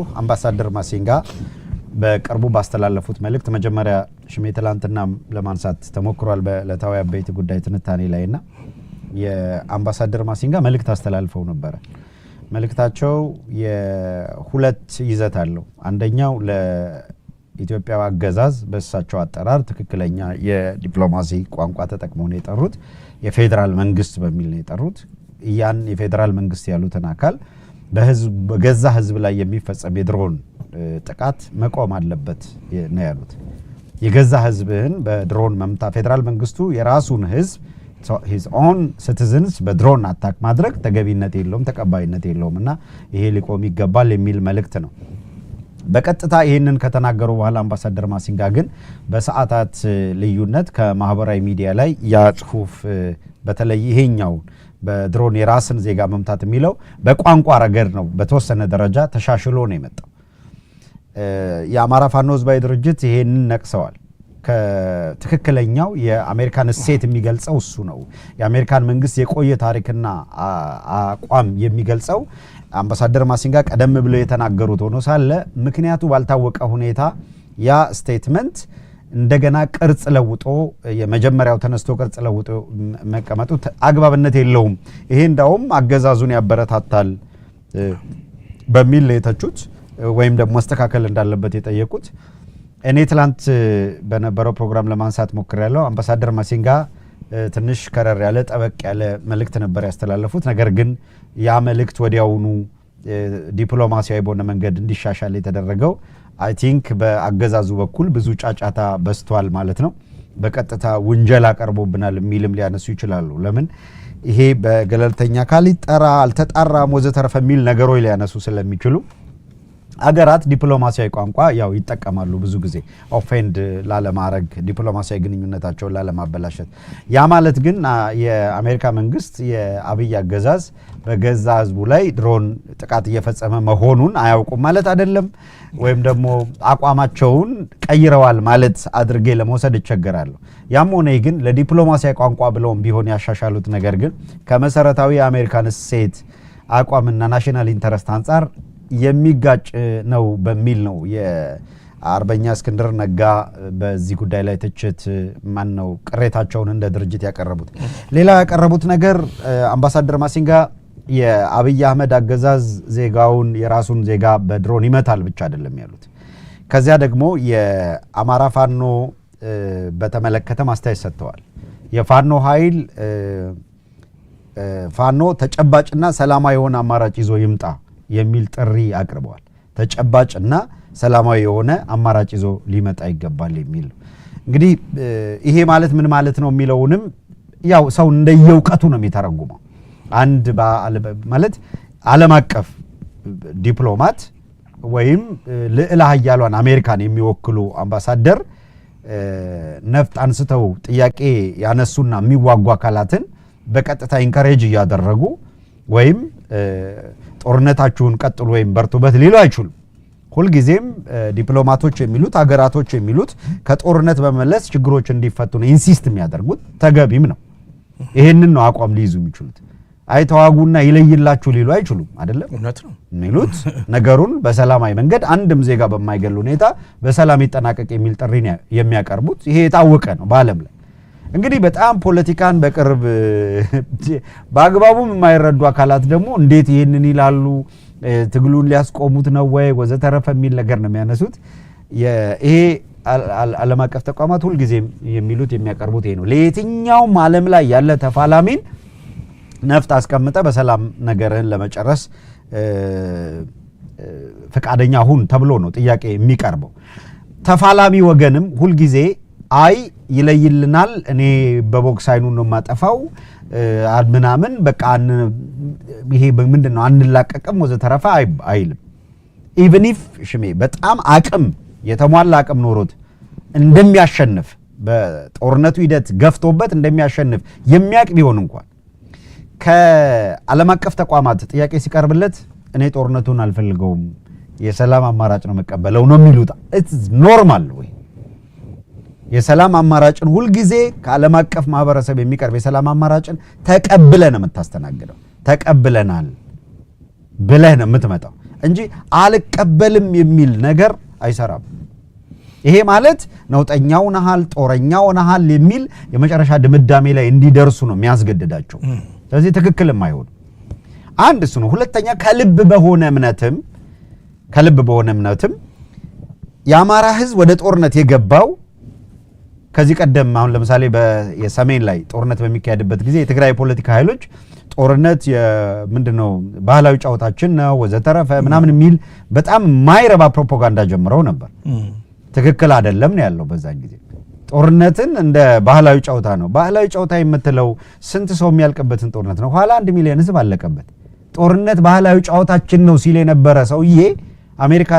አብራችሁ አምባሳደር ማሲንጋ በቅርቡ ባስተላለፉት መልእክት መጀመሪያ ሽሜ ትላንትና ለማንሳት ተሞክሯል በዕለታዊ አበይት ጉዳይ ትንታኔ ላይና የአምባሳደር ማሲንጋ መልእክት አስተላልፈው ነበረ። መልእክታቸው የሁለት ይዘት አለው። አንደኛው ለኢትዮጵያ አገዛዝ በእሳቸው አጠራር ትክክለኛ የዲፕሎማሲ ቋንቋ ተጠቅመው ነው የጠሩት፣ የፌዴራል መንግስት በሚል ነው የጠሩት። ያን የፌዴራል መንግስት ያሉትን አካል በገዛ ህዝብ ላይ የሚፈጸም የድሮን ጥቃት መቆም አለበት ነው ያሉት። የገዛ ህዝብህን በድሮን መምታ ፌዴራል መንግስቱ የራሱን ህዝብ ሂዝ ኦን ሲቲዝንስ በድሮን አታክ ማድረግ ተገቢነት የለውም፣ ተቀባይነት የለውም እና ይሄ ሊቆም ይገባል የሚል መልእክት ነው። በቀጥታ ይህንን ከተናገሩ በኋላ አምባሳደር ማሲንጋ ግን በሰዓታት ልዩነት ከማህበራዊ ሚዲያ ላይ ያ ጽሁፍ በተለይ ይሄኛውን በድሮን የራስን ዜጋ መምታት የሚለው በቋንቋ ረገድ ነው በተወሰነ ደረጃ ተሻሽሎ ነው የመጣው። የአማራ ፋኖ ህዝባዊ ድርጅት ይሄንን ነቅሰዋል። ከትክክለኛው የአሜሪካን እሴት የሚገልጸው እሱ ነው። የአሜሪካን መንግስት የቆየ ታሪክና አቋም የሚገልጸው አምባሳደር ማሲንጋ ቀደም ብለው የተናገሩት ሆኖ ሳለ ምክንያቱ ባልታወቀ ሁኔታ ያ ስቴትመንት እንደገና ቅርጽ ለውጦ የመጀመሪያው ተነስቶ ቅርጽ ለውጦ መቀመጡ አግባብነት የለውም፣ ይሄ እንዳውም አገዛዙን ያበረታታል በሚል የተቹት ወይም ደግሞ መስተካከል እንዳለበት የጠየቁት እኔ ትላንት በነበረው ፕሮግራም ለማንሳት ሞክሬያለሁ። አምባሳደር ማሲንጋ ትንሽ ከረር ያለ ጠበቅ ያለ መልእክት ነበር ያስተላለፉት። ነገር ግን ያ መልእክት ወዲያውኑ ዲፕሎማሲያዊ በሆነ መንገድ እንዲሻሻል የተደረገው አይ ቲንክ በአገዛዙ በኩል ብዙ ጫጫታ በዝቷል ማለት ነው። በቀጥታ ውንጀላ አቀርቦብናል የሚልም ሊያነሱ ይችላሉ። ለምን ይሄ በገለልተኛ አካል ይጠራ አልተጣራም፣ ወዘተረፈ የሚል ነገሮች ሊያነሱ ስለሚችሉ አገራት ዲፕሎማሲያዊ ቋንቋ ያው ይጠቀማሉ ብዙ ጊዜ ኦፌንድ ላለማድረግ ዲፕሎማሲያዊ ግንኙነታቸውን ላለማበላሸት። ያ ማለት ግን የአሜሪካ መንግስት የአብይ አገዛዝ በገዛ ህዝቡ ላይ ድሮን ጥቃት እየፈጸመ መሆኑን አያውቁም ማለት አይደለም፣ ወይም ደግሞ አቋማቸውን ቀይረዋል ማለት አድርጌ ለመውሰድ እቸገራለሁ። ያም ሆነ ግን ለዲፕሎማሲያዊ ቋንቋ ብለውም ቢሆን ያሻሻሉት ነገር ግን ከመሰረታዊ የአሜሪካን እሴት አቋምና ናሽናል ኢንተረስት አንጻር የሚጋጭ ነው በሚል ነው የአርበኛ እስክንድር ነጋ በዚህ ጉዳይ ላይ ትችት ማን ነው ቅሬታቸውን እንደ ድርጅት ያቀረቡት። ሌላ ያቀረቡት ነገር አምባሳደር ማሲንጋ የአብይ አህመድ አገዛዝ ዜጋውን የራሱን ዜጋ በድሮን ይመታል ብቻ አይደለም ያሉት። ከዚያ ደግሞ የአማራ ፋኖ በተመለከተ ማስተያየት ሰጥተዋል። የፋኖ ኃይል ፋኖ ተጨባጭና ሰላማዊ የሆነ አማራጭ ይዞ ይምጣ የሚል ጥሪ አቅርበዋል። ተጨባጭና ሰላማዊ የሆነ አማራጭ ይዞ ሊመጣ ይገባል የሚል እንግዲህ ይሄ ማለት ምን ማለት ነው የሚለውንም ያው ሰው እንደየእውቀቱ ነው የሚተረጉመው። አንድ ማለት ዓለም አቀፍ ዲፕሎማት ወይም ልዕለ ሀያሏን አሜሪካን የሚወክሉ አምባሳደር ነፍጥ አንስተው ጥያቄ ያነሱና የሚዋጉ አካላትን በቀጥታ ኢንካሬጅ እያደረጉ ወይም ጦርነታችሁን ቀጥሉ ወይም በርቱበት ሊሉ አይችሉም። ሁልጊዜም ዲፕሎማቶች የሚሉት ሀገራቶች የሚሉት ከጦርነት በመለስ ችግሮች እንዲፈቱ ነው ኢንሲስት የሚያደርጉት ተገቢም ነው። ይሄንን ነው አቋም ሊይዙ የሚችሉት። ተዋጉና ይለይላችሁ ሊሉ አይችሉም። አይደለም እውነት ነው የሚሉት ነገሩን በሰላማዊ መንገድ አንድም ዜጋ በማይገል ሁኔታ በሰላም ይጠናቀቅ የሚል ጥሪ የሚያቀርቡት ይሄ የታወቀ ነው በዓለም ላይ እንግዲህ በጣም ፖለቲካን በቅርብ በአግባቡም የማይረዱ አካላት ደግሞ እንዴት ይህንን ይላሉ፣ ትግሉን ሊያስቆሙት ነው ወይ ወዘተረፈ የሚል ነገር ነው የሚያነሱት። ይሄ ዓለም አቀፍ ተቋማት ሁልጊዜ የሚሉት የሚያቀርቡት ይሄ ነው። ለየትኛውም ዓለም ላይ ያለ ተፋላሚን ነፍጥ አስቀምጠ በሰላም ነገርህን ለመጨረስ ፈቃደኛ ሁን ተብሎ ነው ጥያቄ የሚቀርበው። ተፋላሚ ወገንም ሁልጊዜ አይ ይለይልናል። እኔ በቦክስ አይኑ ነው የማጠፋው ምናምን በቃ ይሄ ምንድን ነው አንላቀቅም ወዘተረፈ አይልም። ኢቭን ኢፍ ሽሜ በጣም አቅም የተሟላ አቅም ኖሮት እንደሚያሸንፍ በጦርነቱ ሂደት ገፍቶበት እንደሚያሸንፍ የሚያውቅ ቢሆን እንኳን ከዓለም አቀፍ ተቋማት ጥያቄ ሲቀርብለት እኔ ጦርነቱን አልፈልገውም የሰላም አማራጭ ነው መቀበለው ነው የሚሉት ኖርማል ወይ የሰላም አማራጭን ሁልጊዜ ከዓለም አቀፍ ማህበረሰብ የሚቀርብ የሰላም አማራጭን ተቀብለ ነው የምታስተናግደው። ተቀብለናል ብለህ ነው የምትመጣው እንጂ አልቀበልም የሚል ነገር አይሰራም። ይሄ ማለት ነውጠኛው ነሃል፣ ጦረኛው ነሃል የሚል የመጨረሻ ድምዳሜ ላይ እንዲደርሱ ነው የሚያስገድዳቸው። ስለዚህ ትክክልም አይሆን። አንድ እሱ ነው። ሁለተኛ ከልብ በሆነ እምነትም ከልብ በሆነ እምነትም የአማራ ህዝብ ወደ ጦርነት የገባው ከዚህ ቀደም አሁን ለምሳሌ የሰሜን ላይ ጦርነት በሚካሄድበት ጊዜ የትግራይ የፖለቲካ ኃይሎች ጦርነት ምንድን ነው ባህላዊ ጨዋታችን ነው ወዘተረፈ ምናምን የሚል በጣም ማይረባ ፕሮፓጋንዳ ጀምረው ነበር። ትክክል አይደለም ነው ያለው በዛን ጊዜ ጦርነትን እንደ ባህላዊ ጨውታ ነው። ባህላዊ ጨዋታ የምትለው ስንት ሰው የሚያልቅበትን ጦርነት ነው። ኋላ አንድ ሚሊዮን ህዝብ አለቀበት። ጦርነት ባህላዊ ጨዋታችን ነው ሲል የነበረ ሰውዬ አሜሪካ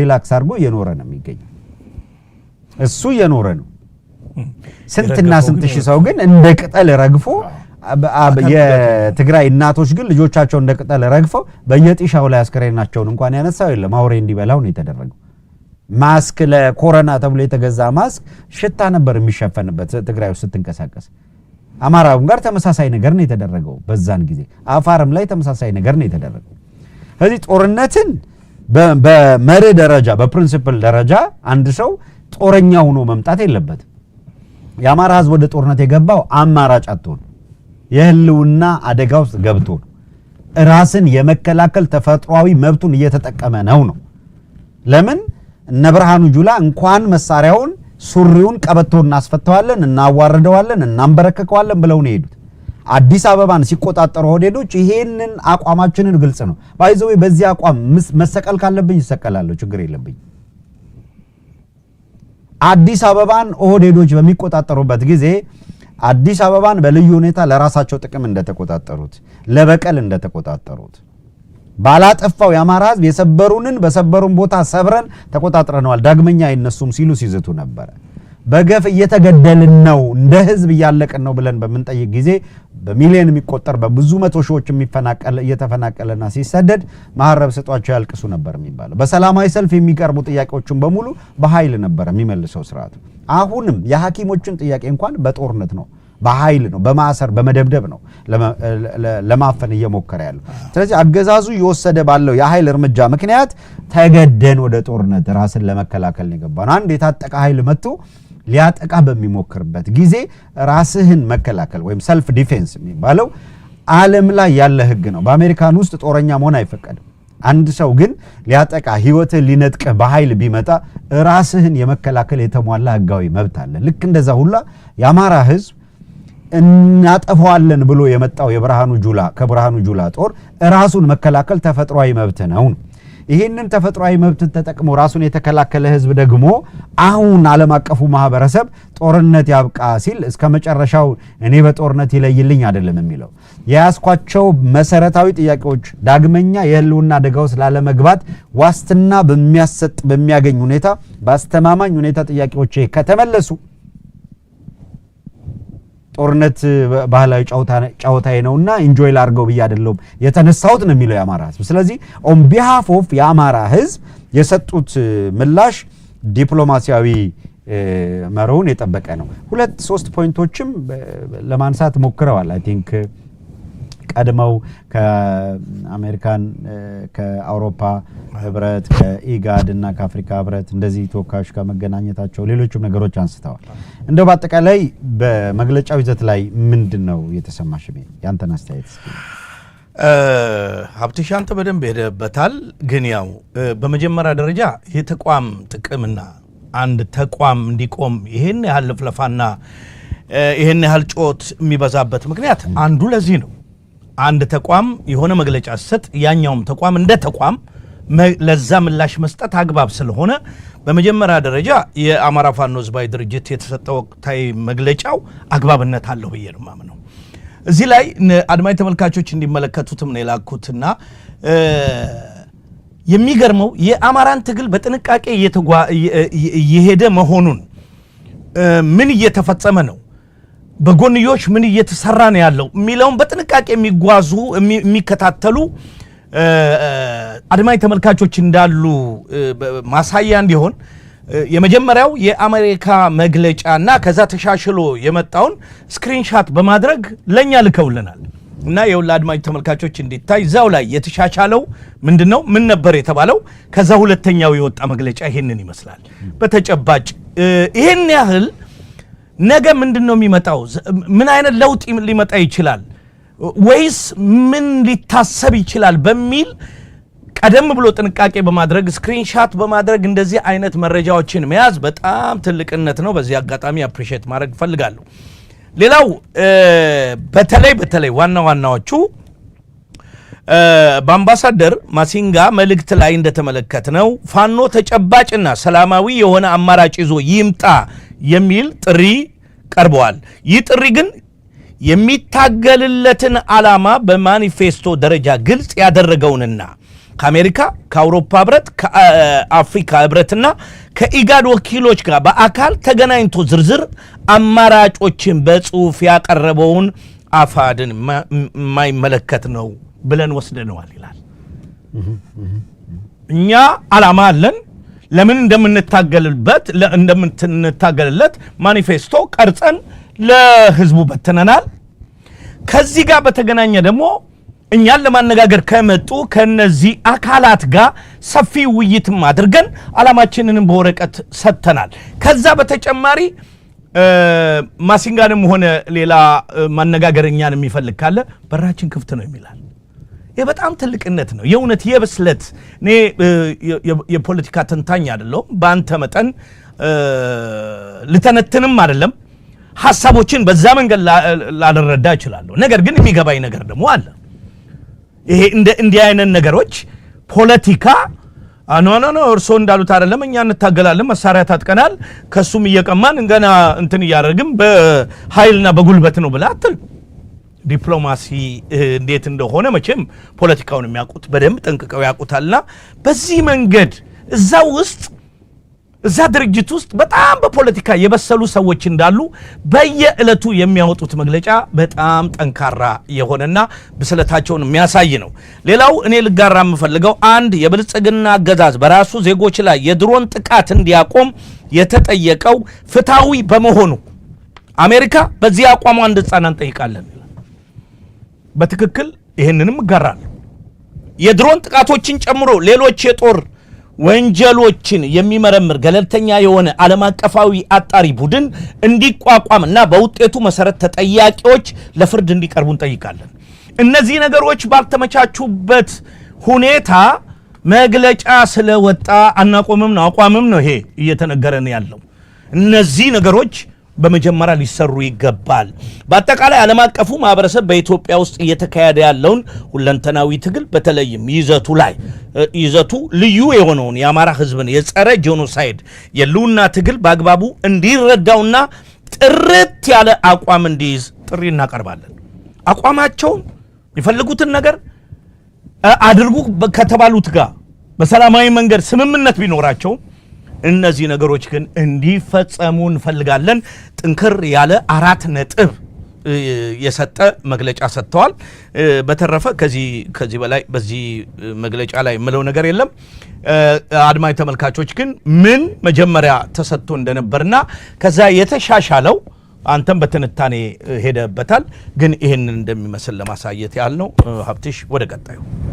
ሪላክስ አድርጎ እየኖረ ነው የሚገኘው። እሱ እየኖረ ነው። ስንትና ስንት ሺህ ሰው ግን እንደ ቅጠል ረግፎ የትግራይ እናቶች ግን ልጆቻቸው እንደ ቅጠል ረግፈው በየጢሻው ላይ አስከሬናቸውን እንኳን ያነሳው የለም። አውሬ እንዲበላው ነው የተደረገው። ማስክ ለኮረና ተብሎ የተገዛ ማስክ ሽታ ነበር የሚሸፈንበት ትግራይ ውስጥ ስትንቀሳቀስ። አማራም ጋር ተመሳሳይ ነገር ነው የተደረገው። በዛን ጊዜ አፋርም ላይ ተመሳሳይ ነገር ነው የተደረገው። ስለዚህ ጦርነትን በመርህ ደረጃ በፕሪንሲፕል ደረጃ አንድ ሰው ጦረኛ ሆኖ መምጣት የለበትም። የአማራ ህዝብ ወደ ጦርነት የገባው አማራጭ አጥቶ ነው። የህልውና አደጋ ውስጥ ገብቶ ነው። ራስን የመከላከል ተፈጥሯዊ መብቱን እየተጠቀመ ነው ነው። ለምን እነ ብርሃኑ ጁላ እንኳን መሳሪያውን ሱሪውን ቀበቶ እናስፈተዋለን፣ እናዋርደዋለን፣ እናንበረከከዋለን ብለው ነው የሄዱት። አዲስ አበባን ሲቆጣጠሩ ሆዴዶች ይሄንን አቋማችንን ግልጽ ነው ባይዘዌ። በዚህ አቋም መሰቀል ካለብኝ ይሰቀላለሁ፣ ችግር የለብኝ አዲስ አበባን ኦህዴዶች በሚቆጣጠሩበት ጊዜ አዲስ አበባን በልዩ ሁኔታ ለራሳቸው ጥቅም እንደተቆጣጠሩት፣ ለበቀል እንደተቆጣጠሩት ባላጠፋው የአማራ ህዝብ የሰበሩንን በሰበሩን ቦታ ሰብረን ተቆጣጥረነዋል፣ ዳግመኛ አይነሱም ሲሉ ሲዝቱ ነበረ። በገፍ እየተገደልን ነው፣ እንደ ህዝብ እያለቅን ነው ብለን በምንጠይቅ ጊዜ በሚሊዮን የሚቆጠር በብዙ መቶ ሺዎች እየተፈናቀለና ሲሰደድ መሀረብ ስጧቸው ያልቅሱ ነበር የሚባለው። በሰላማዊ ሰልፍ የሚቀርቡ ጥያቄዎችን በሙሉ በኃይል ነበር የሚመልሰው ስርዓቱ። አሁንም የሐኪሞችን ጥያቄ እንኳን በጦርነት ነው በኃይል ነው፣ በማሰር በመደብደብ ነው ለማፈን እየሞከረ ያለው። ስለዚህ አገዛዙ እየወሰደ ባለው የኃይል እርምጃ ምክንያት ተገደን ወደ ጦርነት ራስን ለመከላከል ነው የገባ ነው። አንድ የታጠቀ ኃይል መጥቶ ሊያጠቃ በሚሞክርበት ጊዜ ራስህን መከላከል ወይም ሰልፍ ዲፌንስ የሚባለው ዓለም ላይ ያለ ህግ ነው። በአሜሪካን ውስጥ ጦረኛ መሆን አይፈቀድም። አንድ ሰው ግን ሊያጠቃ ህይወትን ሊነጥቅህ በኃይል ቢመጣ ራስህን የመከላከል የተሟላ ህጋዊ መብት አለ። ልክ እንደዛ ሁላ የአማራ ህዝብ እናጠፋዋለን ብሎ የመጣው የብርሃኑ ጁላ ከብርሃኑ ጁላ ጦር ራሱን መከላከል ተፈጥሯዊ መብት ነው። ይህንን ተፈጥሯዊ መብትን ተጠቅሞ ራሱን የተከላከለ ህዝብ ደግሞ አሁን ዓለም አቀፉ ማህበረሰብ ጦርነት ያብቃ ሲል እስከ መጨረሻው እኔ በጦርነት ይለይልኝ አይደለም የሚለው የያዝኳቸው መሰረታዊ ጥያቄዎች ዳግመኛ የህልውና አደጋ ውስጥ ላለመግባት ዋስትና በሚያሰጥ በሚያገኝ ሁኔታ በአስተማማኝ ሁኔታ ጥያቄዎች ከተመለሱ ጦርነት ባህላዊ ጨዋታዬ ነውና ኢንጆይ ላድርገው ብዬ አይደለም የተነሳሁት ነው የሚለው የአማራ ህዝብ። ስለዚህ ኦን ቢሃፍ ኦፍ የአማራ ህዝብ የሰጡት ምላሽ ዲፕሎማሲያዊ መርሁን የጠበቀ ነው። ሁለት ሶስት ፖይንቶችም ለማንሳት ሞክረዋል አይ ቲንክ ቀድመው ከአሜሪካን ከአውሮፓ ህብረት ከኢጋድ እና ከአፍሪካ ህብረት እንደዚህ ተወካዮች ጋር መገናኘታቸው ሌሎችም ነገሮች አንስተዋል። እንደው በአጠቃላይ በመግለጫው ይዘት ላይ ምንድን ነው የተሰማሽ? ያንተን አስተያየት ሀብትሽ። አንተ በደንብ ሄደበታል። ግን ያው በመጀመሪያ ደረጃ የተቋም ጥቅምና አንድ ተቋም እንዲቆም ይህን ያህል ልፍለፋና ይህን ያህል ጮት የሚበዛበት ምክንያት አንዱ ለዚህ ነው። አንድ ተቋም የሆነ መግለጫ ሲሰጥ ያኛውም ተቋም እንደ ተቋም ለዛ ምላሽ መስጠት አግባብ ስለሆነ በመጀመሪያ ደረጃ የአማራ ፋኖ ህዝባዊ ድርጅት የተሰጠ ወቅታዊ መግለጫው አግባብነት አለው ብዬ ነው የማምነው። እዚህ ላይ አድማጭ ተመልካቾች እንዲመለከቱትም ነው የላኩትና የሚገርመው የአማራን ትግል በጥንቃቄ እየሄደ መሆኑን ምን እየተፈጸመ ነው በጎንዮሽ ምን እየተሰራ ነው ያለው የሚለውን በጥንቃቄ የሚጓዙ የሚከታተሉ አድማኝ ተመልካቾች እንዳሉ ማሳያ እንዲሆን የመጀመሪያው የአሜሪካ መግለጫ እና ከዛ ተሻሽሎ የመጣውን ስክሪንሻት በማድረግ ለእኛ ልከውልናል እና የሁላ አድማጅ ተመልካቾች እንዲታይ እዛው ላይ የተሻሻለው ምንድን ነው ምን ነበር የተባለው ከዛ ሁለተኛው የወጣ መግለጫ ይህንን ይመስላል በተጨባጭ ይህን ያህል ነገ ምንድን ነው የሚመጣው? ምን አይነት ለውጥ ሊመጣ ይችላል? ወይስ ምን ሊታሰብ ይችላል? በሚል ቀደም ብሎ ጥንቃቄ በማድረግ ስክሪንሻት በማድረግ እንደዚህ አይነት መረጃዎችን መያዝ በጣም ትልቅነት ነው። በዚህ አጋጣሚ አፕሪሼት ማድረግ እፈልጋለሁ። ሌላው በተለይ በተለይ ዋና ዋናዎቹ በአምባሳደር ማሲንጋ መልእክት ላይ እንደተመለከት ነው። ፋኖ ተጨባጭና ሰላማዊ የሆነ አማራጭ ይዞ ይምጣ የሚል ጥሪ ቀርበዋል። ይህ ጥሪ ግን የሚታገልለትን ዓላማ በማኒፌስቶ ደረጃ ግልጽ ያደረገውንና ከአሜሪካ ከአውሮፓ ህብረት ከአፍሪካ ህብረትና ከኢጋድ ወኪሎች ጋር በአካል ተገናኝቶ ዝርዝር አማራጮችን በጽሁፍ ያቀረበውን አፋድን የማይመለከት ነው ብለን ወስደነዋል ይላል። እኛ ዓላማ አለን። ለምን እንደምንታገልበት እንደምንታገልለት ማኒፌስቶ ቀርጸን ለህዝቡ በትነናል። ከዚህ ጋር በተገናኘ ደግሞ እኛን ለማነጋገር ከመጡ ከነዚህ አካላት ጋር ሰፊ ውይይትም አድርገን አላማችንንም በወረቀት ሰጥተናል። ከዛ በተጨማሪ ማሲንጋንም ሆነ ሌላ ማነጋገር እኛን የሚፈልግ ካለ በራችን ክፍት ነው የሚላል። ይህ በጣም ትልቅነት ነው። የእውነት የብስለት እኔ የፖለቲካ ተንታኝ አይደለሁም። በአንተ መጠን ልተነትንም አይደለም። ሀሳቦችን በዛ መንገድ ላልረዳ እችላለሁ። ነገር ግን የሚገባኝ ነገር ደግሞ አለ። ይሄ እንዲህ አይነት ነገሮች ፖለቲካ ኖ ኖ ኖ እርስዎ እንዳሉት አይደለም፣ እኛ እንታገላለን፣ መሳሪያ ታጥቀናል፣ ከሱም እየቀማን ገና እንትን እያደረግም በኃይልና በጉልበት ነው ብላ አትልም። ዲፕሎማሲ እንዴት እንደሆነ መቼም ፖለቲካውን የሚያውቁት በደንብ ጠንቅቀው ያውቁታልና በዚህ መንገድ እዛ ውስጥ እዛ ድርጅት ውስጥ በጣም በፖለቲካ የበሰሉ ሰዎች እንዳሉ በየዕለቱ የሚያወጡት መግለጫ በጣም ጠንካራ የሆነና ብስለታቸውን የሚያሳይ ነው። ሌላው እኔ ልጋራ የምፈልገው አንድ የብልጽግና አገዛዝ በራሱ ዜጎች ላይ የድሮን ጥቃት እንዲያቆም የተጠየቀው ፍትሐዊ በመሆኑ አሜሪካ በዚህ አቋሟ እንድትጸና እንጠይቃለን። በትክክል ይህንንም እጋራለሁ። የድሮን ጥቃቶችን ጨምሮ ሌሎች የጦር ወንጀሎችን የሚመረምር ገለልተኛ የሆነ ዓለም አቀፋዊ አጣሪ ቡድን እንዲቋቋም እና በውጤቱ መሰረት ተጠያቂዎች ለፍርድ እንዲቀርቡ እንጠይቃለን። እነዚህ ነገሮች ባልተመቻቹበት ሁኔታ መግለጫ ስለወጣ አናቆምም ነው አቋምም ነው ይሄ እየተነገረን ያለው። እነዚህ ነገሮች በመጀመሪያ ሊሰሩ ይገባል። በአጠቃላይ ዓለም አቀፉ ማህበረሰብ በኢትዮጵያ ውስጥ እየተካሄደ ያለውን ሁለንተናዊ ትግል በተለይም ይዘቱ ላይ ይዘቱ ልዩ የሆነውን የአማራ ህዝብን የጸረ ጄኖሳይድ የልውና ትግል በአግባቡ እንዲረዳውና ጥርት ያለ አቋም እንዲይዝ ጥሪ እናቀርባለን። አቋማቸውን የሚፈልጉትን ነገር አድርጉ ከተባሉት ጋር በሰላማዊ መንገድ ስምምነት ቢኖራቸውም እነዚህ ነገሮች ግን እንዲፈጸሙ እንፈልጋለን። ጥንክር ያለ አራት ነጥብ የሰጠ መግለጫ ሰጥተዋል። በተረፈ ከዚህ ከዚህ በላይ በዚህ መግለጫ ላይ የምለው ነገር የለም። አድማጭ ተመልካቾች ግን ምን መጀመሪያ ተሰጥቶ እንደነበርና ከዛ የተሻሻለው አንተም በትንታኔ ሄደበታል፣ ግን ይህንን እንደሚመስል ለማሳየት ያህል ነው። ሀብትሽ ወደ ቀጣዩ